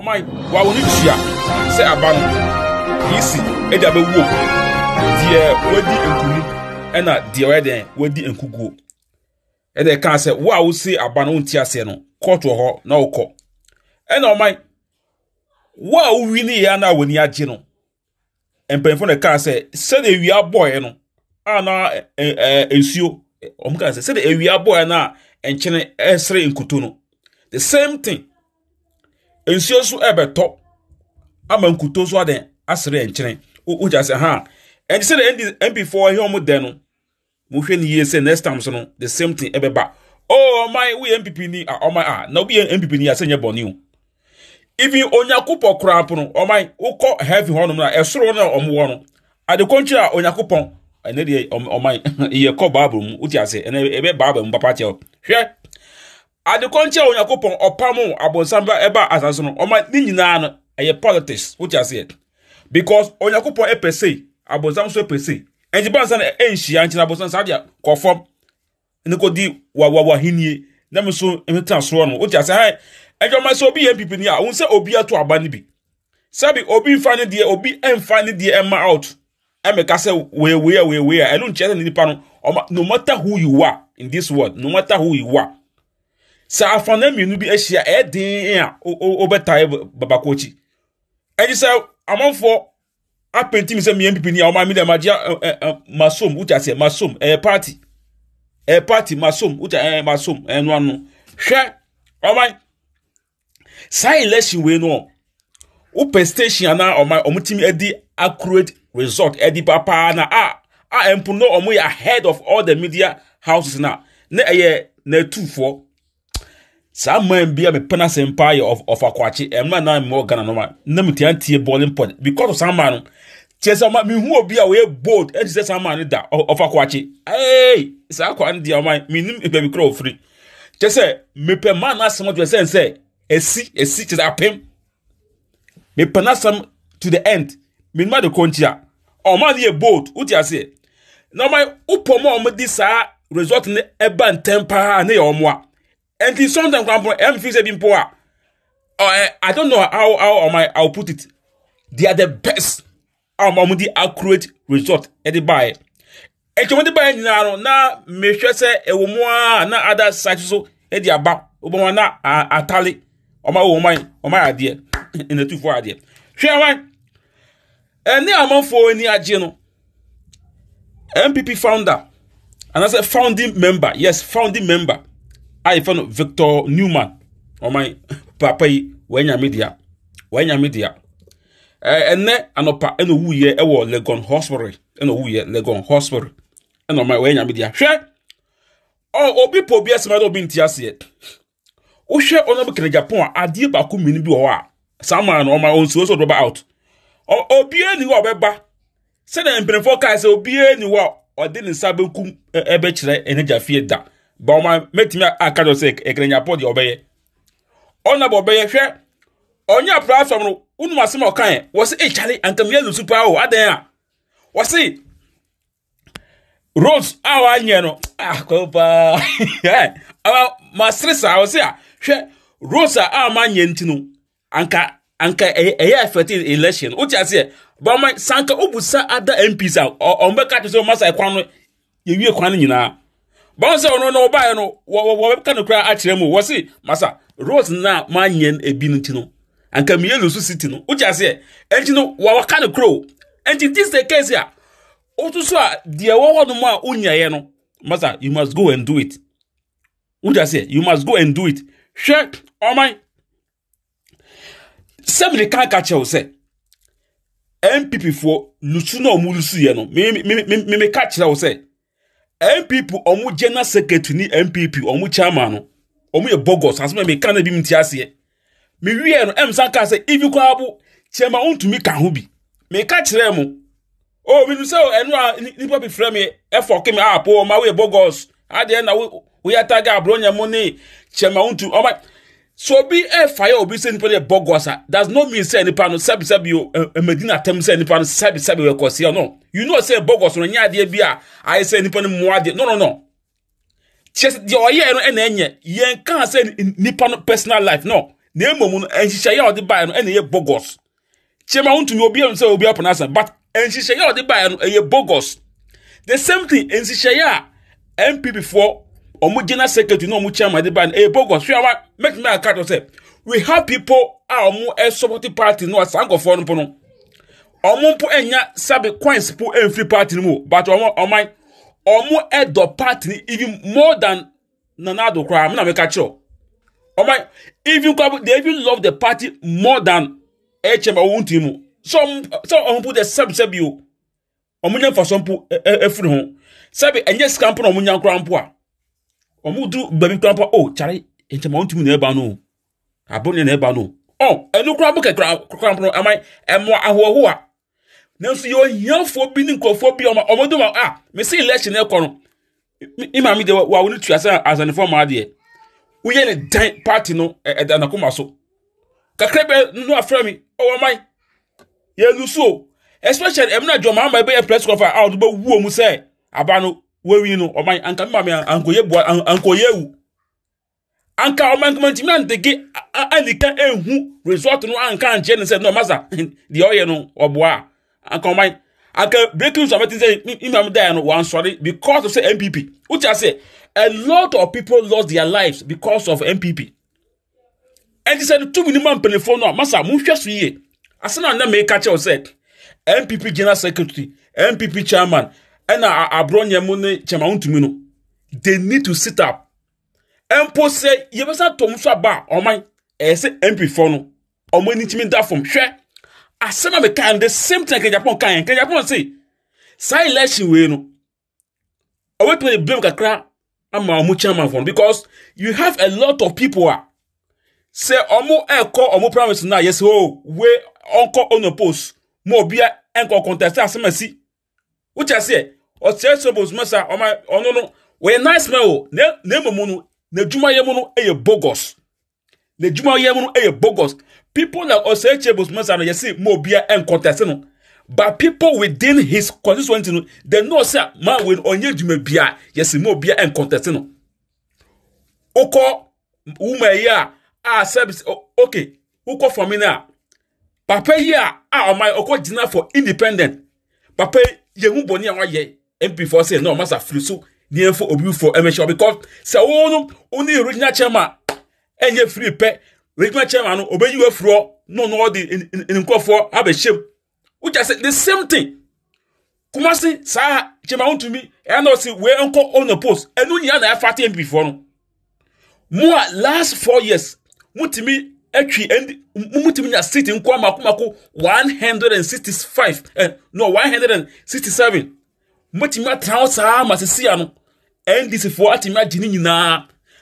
ɔman wa wɔn nhyia sɛ aba no yisi ɛde abɛwuo deɛ wadi nkunu ɛna deɛ ɔyɛ dɛn wadi nkuguo ɛna ɛka sɛ wo a wosi aba no wonti aseɛ no kɔɔto hɔ na wokɔ ɛna ɔman wo a wowi ne yɛ ana a wɔni agye no mpanyinfo na ɛka sɛ sɛdeɛ ewia bɔɔɛ no a na ɛɛ nsuo ɔmo ka sɛ sɛdeɛ ewia bɔɔɛ no a nkyene ɛsere nkuto no the same thing nsuo nso ɛbɛtɔ ama nkuto so adan asere nkyɛn wogya sɛ ha ɛnti sɛ deɛ mp4 ɛhɛ ɔmo dɛ no mohwɛ ne yie sɛ next time so no the same thing ɛbɛba oh ɔman woyɛ npp ni a ɔman a na wobi yɛ npp ni a sɛ nyɛ bɔne o even onyankopɔn koraa po no ɔman wokɔ heaven hɔnom na ɛsoro no a ɔmo wɔ no adekɔnkyerɛ a onyankopɔn ɛnɛ deɛ ɔman yɛ kɔ baabul mu wotia sɛ ɛnɛ ɛbɛ baabul mu papa kyɛw hwɛ adekɔnkye a onyankopɔn ɔpam abɔnsam ɛba asase no ɔma ne nyinaa no ɛyɛ politics wote aseɛ because onyankopɔn ɛpɛ sei abɔnsam nso ɛpɛ sei ɛnti bansa no ɛnhyia nkyɛn abɔnsam saa deɛ kɔfam ne kɔdi wawawahenie na mi nso mmetena soɔ no wote aseɛ hae ɛdwama sɛ obi yɛ mpipi ni a ohun sɛ obi ato aba no bi sɛbi obi nfa ne deɛ obi ɛnfa ne deɛ ɛma out ɛmɛka sɛ weewee a weewee a ɛno nkyɛn sɛ nipa no ɔma no matter who you are in this world no matter who you are sɛ afana mmienu bi ahyia ɛyɛ den a wɔbɛtae babako akyi ɛgye sɛ amanfoɔ apɛnti mi sɛ mmea mpipi ni a wɔn a mi dɛ magye masom wotɛ aseɛ masom ɛyɛ paati ɛyɛ paati masom wotɛ ɛyɛ masom ɛno ano hwɛ ɔman saa election wei no wopɛ station anaa ɔman wɔn ti mi ɛdi accurate result ɛdi papaa na a a mpono wɔn yɛ ahead of all the media houses na ne ɛyɛ na etufoɔ saa man bi a mepɛ no asɛm paa yɛ ɔfa kwakye ɛmna na mmɔ ghana no a na metia ntie bɔlen pɔt because of saa man no kyerɛ sɛ ma mehu obi a wɔyɛ bold ɛnti sɛ saa man no da ɔfa kwakye ei saa kwa no deɛ ɔman menim baabi korɔ ɔfiri kyerɛ sɛ mepɛ man no asɛm ɔdwɛ sɛn sɛ ɛsi ɛsi kyerɛ sɛ apem mepɛ no asɛm to the end menima de kɔ nkyia ɔman no yɛ bold wote aseɛ na ɔman wopɔ mu a di saa result no ɛba ntɛm paa ne yɛ ɔmoa nti sometimes kora mpo ɛyɛ mi fi sɛ bi mpo a ɔɛ i don't know how how ɔmo i will put it they are the best a ɔmo ɔmo di accurate result ɛde baayɛ ɛtwa ɔmo de baayɛ nyinaa no na mehwɛ sɛ ɛwɔ mu a na other side so ɛde aba ɔmo wɔn na atale ɔmo awɔ ɔmo ɔmo adeɛ nnetufo adeɛ hwɛ awan ɛne amanfoɔ ani agye no npp founder anaasɛ founding member yes founding member a yɛfɛ no victor newman ɔman oh, papa yi wɔanyame media, wɔanyame media. ɛnɛ eh, anɔpa ɛna owuyɛ ɛwɔ legon hospital ɛna owuyɛ legon hospital ɛna ɔman wɔanyame dea hwɛ ɔ oh, obi po obi asɛm ɛna obi nti aseɛ wohwɛ ɔno bi kene japan a adeɛ baako mmienu bi wɔ hɔ a saa maa no ɔman onsuo so ɔdɔba out obiara ni hɔ a ɔbɛba sɛdeɛ mpanyinfoɔ kaa sɛ obiara ni hɔ a ɔde ne nsa bɛkum ɛbɛkyerɛ e, ɛnɛgyafie da. ba ɔma mɛtumi aka dɔ sɛ ɛkɛnɛnyapɔ e deɛ ɔbɛyɛ ɔna bɔ ɔbɛyɛ hwɛ ɔnyɛ apra asɔm no wonum asɛm a ɔkae wɔ sɛ ɛkyale ankamia lusu paa o adɛn a wɔ se ah, rose a wanyɛ no akɔ paa masere saa wɔ se a hwɛ rose a amanyɛ nti no anka anka ɛyɛ e, e, affected election wote aseɛ bama sanka wobu sa ada mps a ɔmbɛka te sɛ ɔma sa ɛkwan no yɛwie kwan no nyinaa báwọn sẹ ọ̀nà náà ọbaayẹ no wɔbɛka no koraa akyerɛ mu wɔ se masa rose na maanyɛ ebi no ti no anka miyelu nso si ti no wogye aseɛ ɛnti no wɔka no koro ɛnti this the case a wotu so a deɛ wɔwɔ no mu a wonyaeɛ no masa you must go and do it wogye aseɛ you must go and do it hwɛ ɔman sɛm de kan ka kyerɛw sɛ npp foɔ lusu na ɔmo lusu yɛ no mímí mímí mímí ka kyerɛw npp ọmụ general secretary ne npp ɔmo chairman no ɔmo yɛ bogus asome mi kan na bi mi ti aseɛ oh, mi wiɛ no ɛm san kaa sɛ ibi ntụ mi chairman ka ho bi mi ka kyerɛ mo o mi nim sɛ ɛnu a nipa bi fira mi ɛfɔ kemi a po ɔmo awo yɛ bogus adeɛ na wo yɛ ataage aburo nyɛ chairman so obi ɛfa eh, yɛ obi sɛ nipa deɛ bɔ gɔsa does not mean sɛ nipa no sɛbi sɛbi o ɛmɛdina eh, eh, atɛm sɛ nipa no sɛbi sɛbi o ɛkɔ seɛ no you know sɛ bɔ gɔsa no nyɛ adeɛ bi a ayɛ sɛ nipa no mua deɛ no no no kyɛ deɛ ɔyɛ no ɛna ɛnyɛ yɛn kan sɛ nipa no personal life no na emom no nhyehyɛ yɛ a ɔde baeɛ no ɛna ɛyɛ bogus kyɛ ma ntumi obi ɛnu sɛ obi apɔn asan but nhyehyɛ yɛ a ɔde baeɛ no ɛyɛ bogus the same thing nhyehyɛ yɛ a npp foɔ ɔmo general secretary na ɔmo chairman de ba no ɛyɛ bogus so awa make me aka to sɛ we have people a ah, ɔmo ɛsupporting eh, party no asan nkɔfoɔ no po no ɔmo mpo ɛnya sabi coins po ɛnfiri eh, party no but ɔmo ɔman ɔmo ɛdɔ party no even more than nana ado koraa mo na meka kyerɛw oh ɔman even kwa they even love the party more than ɛkyɛn ɔmo ntiri mu so ɔmo so ɔmo po de sɛbi sɛbi o ɔmo nya nfa so mpo ɛfiri eh, ho sɛbi ɛnyɛ sika mpo na ɔmo nya koraa mpo a ɔmo duru baabi koraa pa o kyare nkyɛnba ɔntumi na ɛba no abɔnne na ɛba no ɔ oh, ɛnu koraa bo kɛkura koraa no aman ɛmoa ahoɔhoa nanso yɛ ohiafoɔ bi ah, ne nkurɔfoɔ bi ɔmo ɔmo dum a mesi election ɛkɔ no mi maame deɛ wa wɔn tu ase azanifo ɔmo adeɛ woyɛ ne dan party no ɛda e, e, n'akoma so kakra bɛ no afra mi ɔwɔ oh, man yɛ lusuo especially ɛmu na jɔn maa ma ɛbɛyɛ press conference a ah, ɔno bɛ wu omu sɛ aba no wawini no ɔman anka mma me ankɔyɛ bua ankɔyɛ wu anka ɔman kama ntumi anteke anika ehu resort no anka ankyɛ ne sɛ no masa deɛ ɔyɛ no ɔboa anka ɔman anka breaking so abɛte sɛ imam daya no wansɔre because of sɛ npp wotia sɛ a lot of people lost their lives because of npp ɛnti sɛ no tumi nima mpanimfoɔ no a masa mohwɛ so yie asɛn a na meka kyɛw sɛ npp general secretary npp chairman ɛna aborɔnyɛ mu ne kyɛmawo ntumi no they need to sit up mpo sɛ yɛbɛsa tɔm so aba a ɔman ɛyɛ sɛ mp4 no ɔmo ani kyimi da fam hwɛ asɛm a meka the same thing kanyapɔn kan yɛn kanyapɔn se saa election wei no ɔbɛtumi de blame kakra ama ɔmo chairman fɔ no because you have a lot of people a sɛ ɔmo ɛkɔ ɔmo primaries na yɛsɛ o oh, wei ɔnkɔ ono post ma obia ɛnkɔ contest asɛm asi wokyɛ seɛ ɔsɛsɛ bozuma sa ɔma ɔno no wɔyɛ nice man o na emu no n'adwumayɛ mu no yɛ bogus ne n'adwumayɛ mu no yɛ bogus people like ɔsɛsɛ bozuma sa no yɛsi mo obia nkɔtɛsi no but people within his constituency no they no sɛ man wei no ɔnyɛ dwuma bia yɛsi mo obia nkɔtɛsi no okɔ wuma yi a a service okay okɔ fami na papa yi a a ɔma ɔkɔ gyina for independent papa yi yɛn ho bɔ ne a wayɛ mp4 sɛ na ɔma sa firi so nneɛmfa obi foɔ ɛmɛhyɛ ɔbi kɔ sɛ wɔn no wɔn ne original chairman ɛnyɛ firi pɛ original chairman no obɛyi wɔ firi hɔ na ɔno ɔde nkɔfoɔ abɛhyɛm wogya sɛ the same thing kumasi saa chairman ntumi ɛyɛ na ɔsi wee nkɔ ɔna post ɛnu nyinaa na ɛfa te mp4 no mo a last four years mutumi atwi ɛndi mutumi nya seat nkɔ amako mako one hundred and sixty five ɛ eh, no one hundred and sixty seven motumi atena hɔ saa ma sisi ano ndc foɔ atumi agye ne nyinaa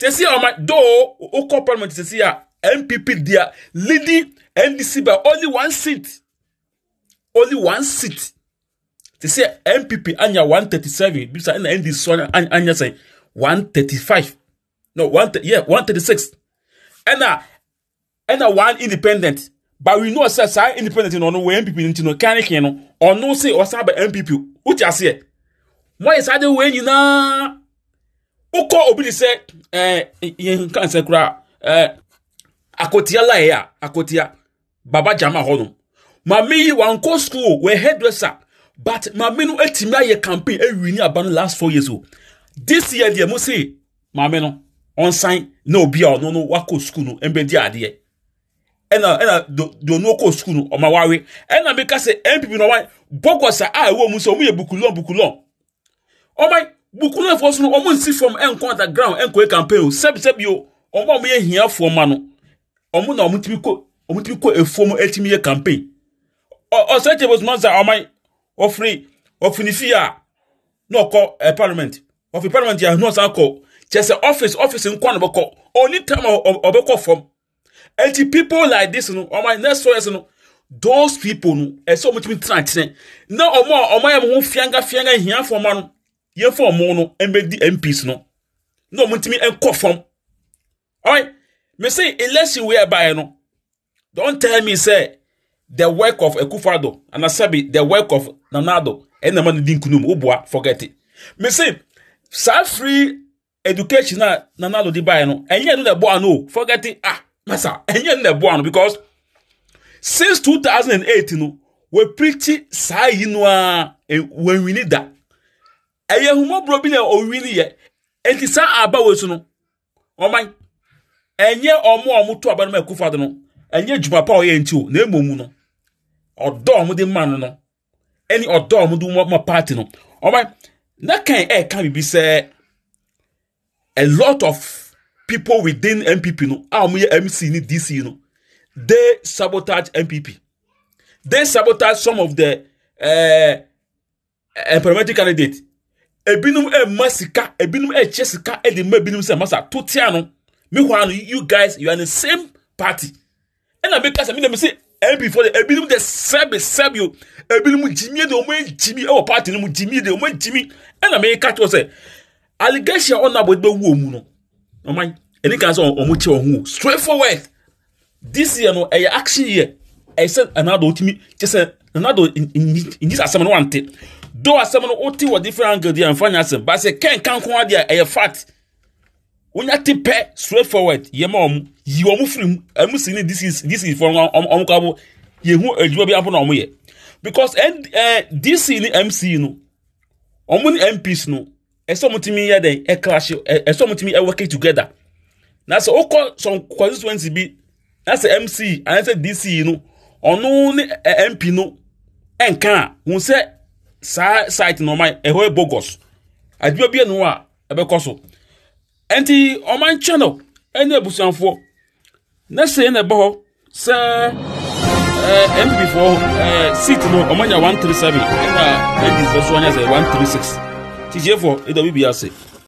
sisi a ɔma doo okɔ parliament sisi a npp dia leading ndc by only one seat only one seat sisi a npp anya one thirty seven bisa ɛna ndc anya sɛn one thirty five no one yeah one thirty six ɛna ɛna one independent but we know sɛ saa independent no ɔno wɔ npp no ti no kan ne kan no ɔno sɛ ɔsan ba npp wotu aseɛ moayɛ saa de wei nyinaa wokɔ obi de sɛ yɛnka nsɛ koraa akotia laɛ a akotia baba Jama hɔ no maame yi wankɔ school wɔ hairdresser but maame no atumi eh, ayɛ eh, campaign awi eh, ne aba abanu last four years o oh. this year deɛ mo se maame no ɔnsan na obi a ɔno no wakɔ school no mbɛdi adeɛ ɛna ɛna donu kɔ school no ɔma wawe ɛna meka sɛ npp na ɔma bɔgɔsa a ah, ɛwɔ mu sɛ ɔmo yɛ bukulɔn bukulɔn ɔman bukuru efo so no ɔmo nsi fam ɛnkɔ underground ɛnkɔ campaign o sɛbisɛbi o ɔmo a ɔmo yɛ hiafoɔ ma no ɔmo na ɔmo timi kɔ ɔmo timi kɔ efuo mu etimi yɛ campaign ɔ ɔsɛ table man sa ɔman ɔfiri ɔfiri fi a na ɔkɔ ɛ parliament ɔfiri parliament yɛ na ɔsan kɔ kyɛ sɛ office office nkɔ na ɔbɛkɔ only time ɔbɛkɔ fam eti people like this no ɔman next four no those people no ɛsɛ ɔmo timi tena kyerɛ na ɔmo a ɔmo ayɛ mo ho fianga fianga yɛmfa ɔmo no mbɛdi mps no na ɔmo ntumi nkɔ fam ɔyɛ mese election wei ɛbaeɛ no don tell me sɛ the work of ekufado anasabi the work of nanado ɛna ma no di nkunum woboa forget it mese saa free education a nanado de baeɛ no ɛnyɛ no na ɛboa no o forget it ah masa ɛnyɛ no na ɛboa no because since 2008 no wɔ preach saa yi no a eh, wɔnwini da ɛyɛ ahumɔborɔ bi na ɔwini yɛ nti saa aba wɔ su no ɔman ɛnyɛ ɔmo a ɔmo to aba no ma ɛkufa do no ɛnyɛ dwuma pa a ɔyɛ nti o na emu mu no ɔdɔ ɔmo de ma no no ɛne ɔdɔ ɔmo de ma paati no ɔman na kan ɛɛka bibi sɛ a lot of people within npp no a ɔmo yɛ mc ne dc no they sabotage npp they sabotage some of the uh, eh, eh, parliamentary candidates ebinom ɛma sika ebinom ɛkyɛ sika ɛde ma ebinom sɛ masa to tia no mi hɔ ano you guys you are in the same party ɛna mi ka sɛ mi na mi se mp for the ebinom de sɛbi sɛbi o ebinom jimie de ɔmo ejimi ɛwɔ party no mu jimie de ɔmo ejimi ɛna mi ka kyerɛ sɛ allegation a ɔnabɔ de bɛ wu ɔmu no ɔman ɛni kan sɛ ɔmo kyɛ ɔmo o straight forward this year no ɛyɛ action year ɛyɛ sɛ ɛnado otimi kyɛ sɛ ɛnado nyisa asɛm no wante though asɛm no wote wɔ different angle deɛ mfa nyɛ asɛm but sɛ kɛnka nko a deɛ ɛyɛ fact wonya te pɛ straight forward yɛ ma ɔmo yi ɔmo firi mu ɛmu si ne dc fo no ɔmo kɔ abo yehu adwuma bi apo na ɔmo yɛ because ɛn ɛɛ dc ne mc no ɔmo ne mps no ɛsɛ ɔmo timi yɛ dɛn ɛklash ɛsɛ ɔmo timi ɛwɔke together na sɛ okɔ some constituency bi na sɛ mc anasɛ dc no ɔno ne mp no ɛnka a hun sɛ saa site na ɔman ɛhɔ yɛ bogus adwuma bi anu a ɛbɛkɔ so nti ɔman channel ɛne abusuafoɔ na sɛ na ɛbɔ hɔ sɛ ɛɛ mp 4 ɛɛ seat no ɔmanya one 137 seven ɛna mp foɔ so ɔnya sɛ one three six kyikyefoɔ ɛda ase.